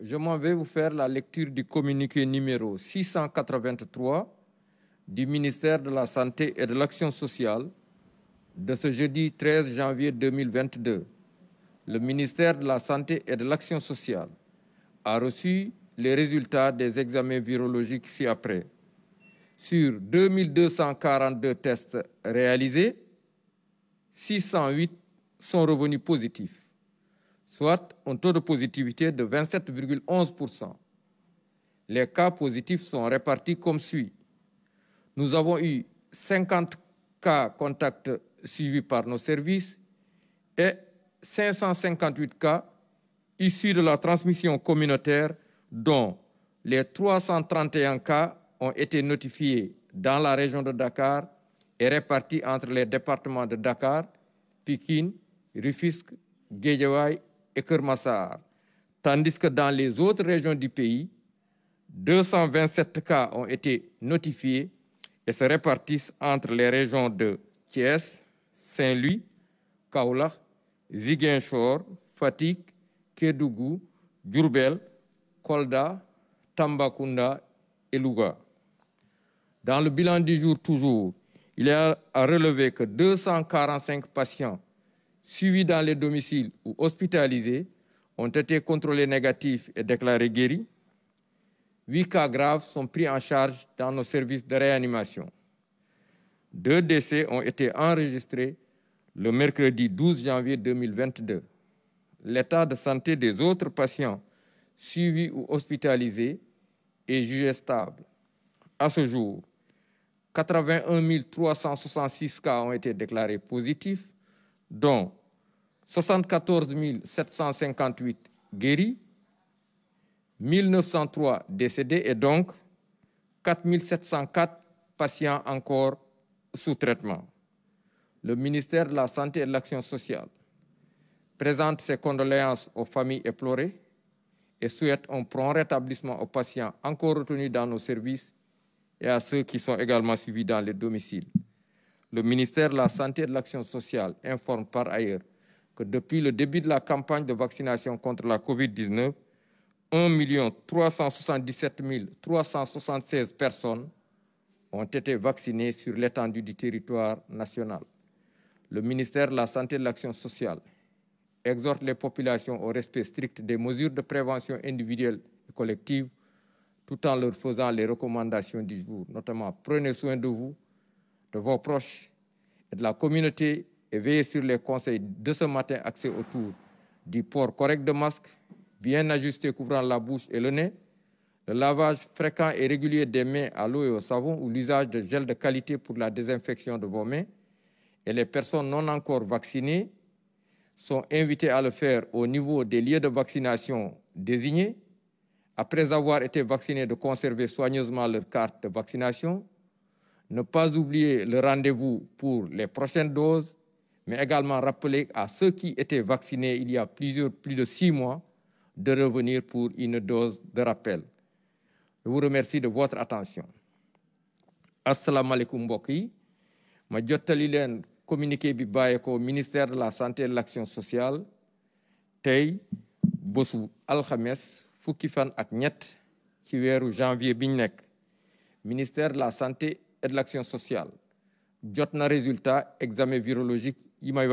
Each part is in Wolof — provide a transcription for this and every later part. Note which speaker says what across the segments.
Speaker 1: je m'en vais vous faire la lecture du communiqué numéro 683 du ministère de la Santé et de l'Action sociale de ce jeudi 13 janvier 2022. Le ministère de la Santé et de l'Action sociale a reçu les résultats des examens virologiques ci-après. Sur 2242 tests réalisés, 608 sont revenus positifs soit un taux de positivité de 27,11%. Les cas positifs sont répartis comme suit. Nous avons eu 50 cas contacts suivis par nos services et 558 cas issus de la transmission communautaire dont les 331 cas ont été notifiés dans la région de Dakar et répartis entre les départements de Dakar, Pékin, Rufisque, Guédiawaye et Kermassar, tandis que dans les autres régions du pays, 227 cas ont été notifiés et se répartissent entre les régions de Thiès, Saint-Louis, Kaulach, Ziguinchor, Fatik, Kédougou, Djurbel, Kolda, Tambacounda et Louga. Dans le bilan du jour toujours, il y a à relever que 245 patients suivis dans les domiciles ou hospitalisés ont été contrôlés négatifs et déclarés guéris. Huit cas graves sont pris en charge dans nos services de réanimation. Deux décès ont été enregistrés le mercredi 12 janvier 2022. L'état de santé des autres patients suivis ou hospitalisés est jugé stable. À ce jour, 81 366 cas ont été déclarés positifs, dont 74 758 guéris, 1903 décédés et donc 4 704 patients encore sous traitement. Le ministère de la Santé et de l'Action sociale présente ses condoléances aux familles éplorées et souhaite un prompt rétablissement aux patients encore retenus dans nos services et à ceux qui sont également suivis dans les domiciles. Le ministère de la Santé et de l'Action sociale informe par ailleurs que depuis le début de la campagne de vaccination contre la COVID-19, 1 377 376 personnes ont été vaccinées sur l'étendue du territoire national. Le ministère de la Santé et de l'Action sociale exhorte les populations au respect strict des mesures de prévention individuelle et collective tout en leur faisant les recommandations du jour, notamment prenez soin de vous, de vos proches et de la communauté et veillez sur les conseils de ce matin axés autour du port correct de masque, bien ajusté couvrant la bouche et le nez, le lavage fréquent et régulier des mains à l'eau et au savon ou l'usage de gel de qualité pour la désinfection de vos mains, et les personnes non encore vaccinées sont invitées à le faire au niveau des lieux de vaccination désignés, après avoir été vaccinées de conserver soigneusement leur carte de vaccination ne pas oublier le rendez-vous pour les prochaines doses, mais également rappeler à ceux qui étaient vaccinés il y a plusieurs, plus de six mois de revenir pour une dose de rappel. Je vous remercie de votre attention. Assalamu alaikum ma communiqué bi au ministère de la santé et de l'action sociale tey Bosu al fan ak janvier biñ ministère de la santé et de l'action sociale Jotna résultat examen virologique yi may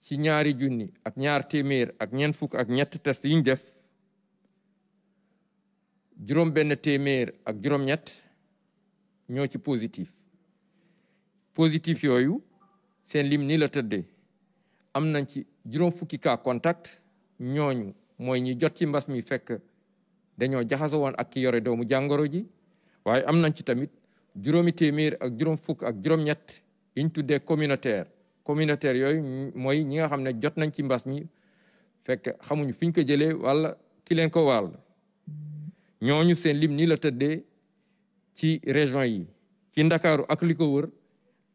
Speaker 1: ci ñaari junni ak ñaar témèr ak ñeent fuk ak ñett test yiñ def juróom ben témèr ak juróom-ñett ño ci positif positif yoyu sen lim ni la tëddee am nañ ci juróom fukki cas contact ñooñu moy ñi jot ci mbass mi fekk dañoo jaxasoo woon ak ki yore doomu jangoro ji waaye am nañ ci tamit juróomi téeméer ak juróom fukk ak juróom-ñett yiñ tuddee communautaire communautaire yooyu mooy ñi nga xam ne jot nañ ci mbas ñi fekk xamuñu fiñ ko jëlee wala ki leen ko wàll ñooñu seen lim ni la tëddee ci région yi ci ndakaaru ak liko wër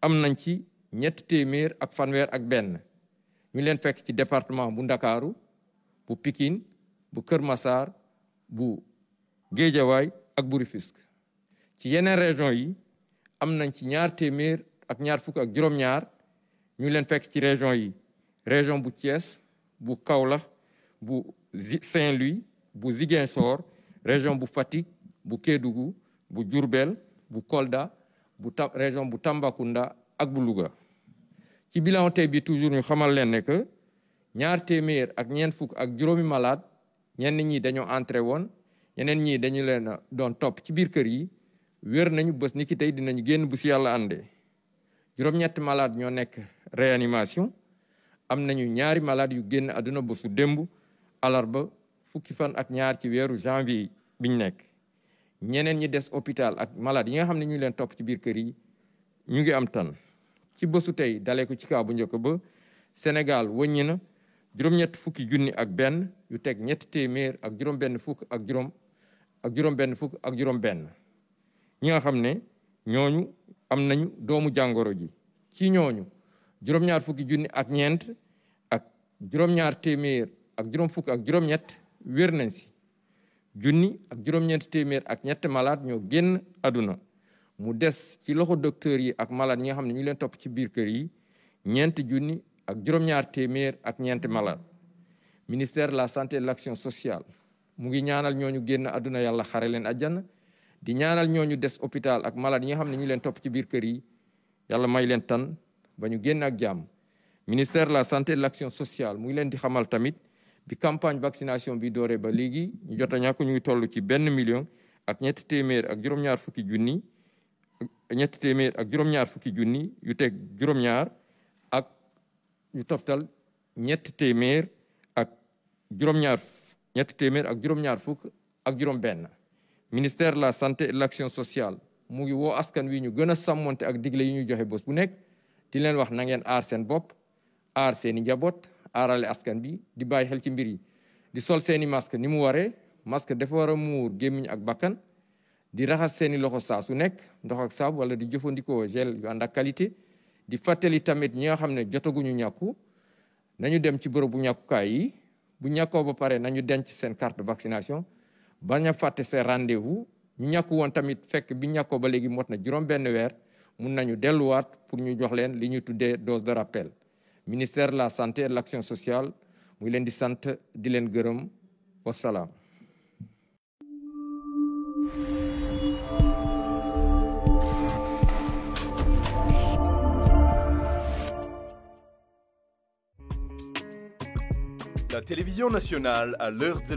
Speaker 1: am nañ ci ñetti téeméer ak fanweer ak benn ñu leen fekk ci département bu ndakaaru bu pikin bu Kër masaar bu Géejawaay ak bu ci yeneen région yi am nañ ci ñaar téeméer ak ñaar fukk ak juróom-ñaar ñu leen fekk ci région yi région bu Thiès bu Kaolack bu Saint-Louis bu Ziguinchor région bu Fatick bu Kédougou bu jurbel bu Kolda bu ta région bu Tambacounda ak bu Louga ci bilan tey bi toujours ñu xamal leen ne que ñaar téeméer ak ñeent fukk ak juróomi malade ñenn ñi dañoo entrée woon ñeneen ñi dañu leen doon topp ci biir kër yi wér nañu bës ni tey dinañ génn bu si yàlla àndee juróom-ñetti malade ñoo nekk réanimation am nañu ñaari malaad yu génn àdduna bésu démb alarba fukki fan ak ñaar ci weeru janvier biñ nekk ñeneen ñi des hôpital ak malade yi nga xam ne ñu leen topp ci biir kër yi ñu ngi am tan ci bësu tey dalee ko ci kaw bu njëkk ba Sénégal wëññi na juróom-ñett fukki junni ak benn yu teg ñetti téeméer ak ak juróom ak juróom-benn fukk ak juróom-benn ñi nga xamne ne ñooñu am nañu doomu jangoro ji ci ñooñu juroom ñaar fukki junni ak ñent ak juroom ñaar témèr ak juroom fukk ak juroom ñet wër nañ si junni ak juroom ñent témèr ak ñet malade ñoo genn aduna mu dess ci loxo docteur yi ak malade ñi nga xamne ne ñu leen top ci biir kër yi ñent junni ak juroom ñaar témèr ak ñent malade ministère de la santé et l'action sociale mu ngi ñaanal ñooñu genn aduna yalla xare leen aljana di ñaanal ñooñu des hôpital ak malade yi nga xam ne ñu leen topp ci biir kër yi yàlla may leen tan ba ñu génn ak jàmm ministère la santé de l'action sociale mu ngi leen di xamal tamit bi campagne vaccination bi dooree ba léegi ñu jot a ñàkk ñu ngi toll ci benn million ak ñett téeméer ak juróom-ñaar fukki junni ñett téeméer ak juróom-ñaar fukki junni yu teg juróom ak yu toftal ñetti téeméer ak juróom téeméer ak juróom-ñaar fukk ak juróom-benn. ministère la santé et l'action sociale mu ngi woo askan wi ñu gën a sàmmonte ak digle yi ñu joxe bés bu nekk di leen wax nangeen aar seen bopp aar seen i njaboot aarale askan bi di bàyyi xel ci mbir yi di sol seen i masque ni mu waree masque dafa war a muur gémmiñ ak bakkan di raxas seen i loxo saa su nekk ndox ak saabu wala di jëfandikoo gel yu ànd ak qualité di fàttali tamit ñi nga xam ne jotaguñu ñàkku nañu dem ci bërëb bu ñàkkukaay yi bu ñàkkoo ba pare nañu denc seen carte de baña faté fàtte rendez-vous ñu ñàkku tamit fekk bi ñàkkoo ba légui mot na benn weer mën nañu pour ñu jox leen li ñu tuddee dose de rappel ministère de la santé et de l'action sociale muy leen di sant di leen gërëm La télévision nationale à l'heure de